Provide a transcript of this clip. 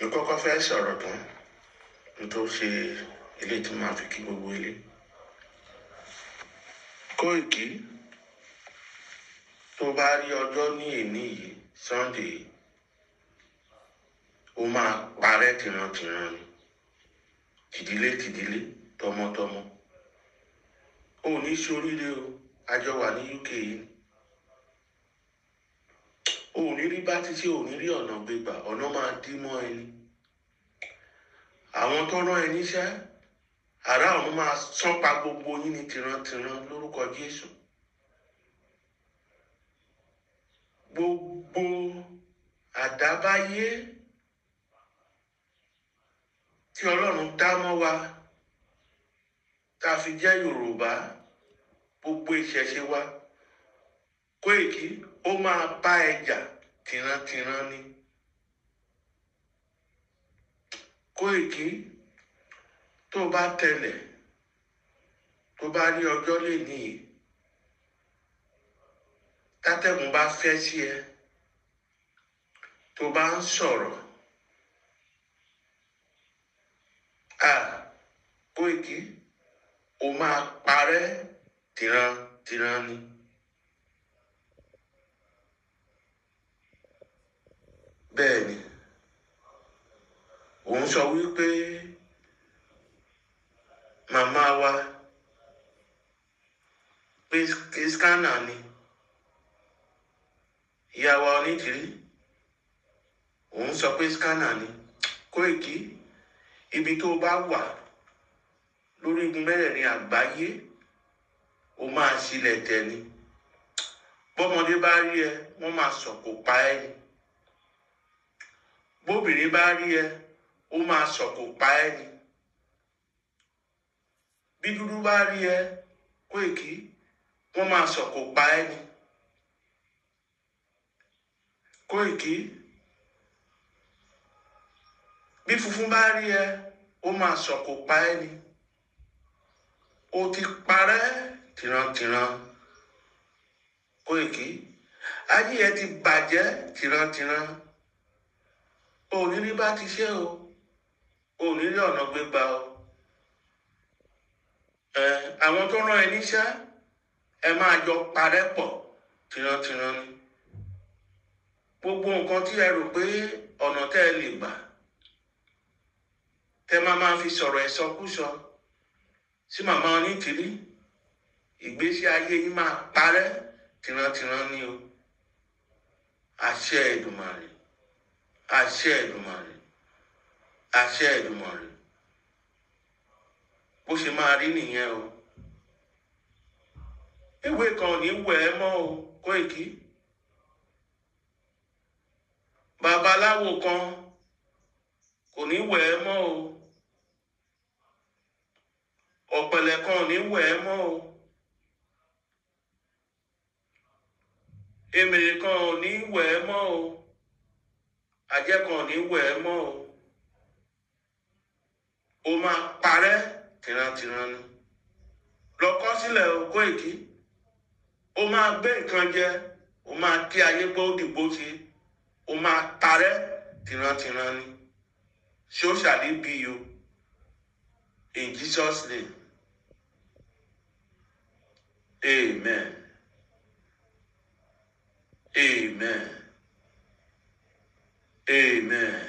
mo kọ́kọ́ fẹ́ sọ̀rọ̀ tán mo tó ṣe ilé tí màá fi kí gbogbo ilé Kóìkì tó bá rí ọjọ́ ní èní yìí Sunday yìí ó máa parẹ́ tìrantìran ni tìdílé tìdílé tọmọtọmọ ó ní sóríire o a jọ wà ní UK yìí ò ní rí bá ti ṣe ò ní rí ọ̀nà gbégbà ọ̀nà máa dí mọ́ ẹni àwọn tó rán ẹni ṣẹ́ àrà ọ̀run máa sán pa gbogbo yín ní tìrantìran lórúkọ Jésù gbogbo àdábáyé tí Ọlọ́run dá mọ́ wa tá a fi jẹ́ Yorùbá gbogbo ìṣẹ̀ṣe wa Koiki ó máa bá ẹ jà tìrantìran tó bá tẹlẹ̀ tó bá rí ọjọ́ lè níyì tátẹ́gùn bá fẹ́ sí ẹ tó bá ń sọ̀rọ̀ à Koiki ó máa parẹ́ tìrantìran bẹ́ẹ̀ ni òun sọ wípé màmá wa pé skánà ni ìyá wa onídìrí òun sọ pé skánà ni Koiki ibi tó bá wà lórí igun mẹ́rẹ̀ẹ̀rin àgbáyé ó máa ṣílẹ̀ tẹ̀ ni bọ́mọdé bá rí ẹ wọ́n máa sọ̀kò pa ẹ́ ni bóbìnrin bá rí ẹ ó máa sọ̀kò pa ẹ́ ni bí dúdú bá rí ẹ kó èkì wọ́n máa sọ̀kò pa ẹ́ ni kó èkì bí funfun bá rí ẹ ó máa sọ̀kò pa ẹ́ ni ó ti parẹ́ tìrantìran kó èkì ayé ẹ ti bàjẹ́ tìrantìran ò ní rí bá ti ṣe o ò ní rí ọ̀nà gbégbá o àwọn tó rán ẹ níṣẹ́ ẹ máa jọ parẹ́ pọ̀ tìrantìran ni gbogbo nǹkan tí ẹ rò pé ọ̀nà tẹ́ ẹ lè gbà tẹ́ máa máa fi sọ̀rọ̀ ẹ̀sọkúsọ sí màmá onítìrí ìgbésí ayé yín máa parẹ́ tìrantìran ni o àṣẹ Èdùmàrè àṣẹ Èdùmàrè àṣẹ Èdùmàrè bó ṣe máa rí nìyẹn o ewé kan ní wẹ̀ ẹ́ mọ́ o Koiki babaláwo kan kò ní wẹ̀ ẹ́ o ọ̀pẹ̀lẹ̀ kan ò ní wẹ̀ ẹ́ o èmèrè kan ò ní wẹ̀ ẹ́ o ajẹ́ kan ní wẹ̀ ẹ́ mọ́ o o máa parẹ́ tìrantìran ni lọ kọ́ sílẹ̀ ogó èkí o máa gbé nǹkan jẹ o máa kí ayé gbọ́ òdìgbò ṣe o máa parẹ́ tìrantìran ni so shall it be you in Jesus name amen amen. Amen.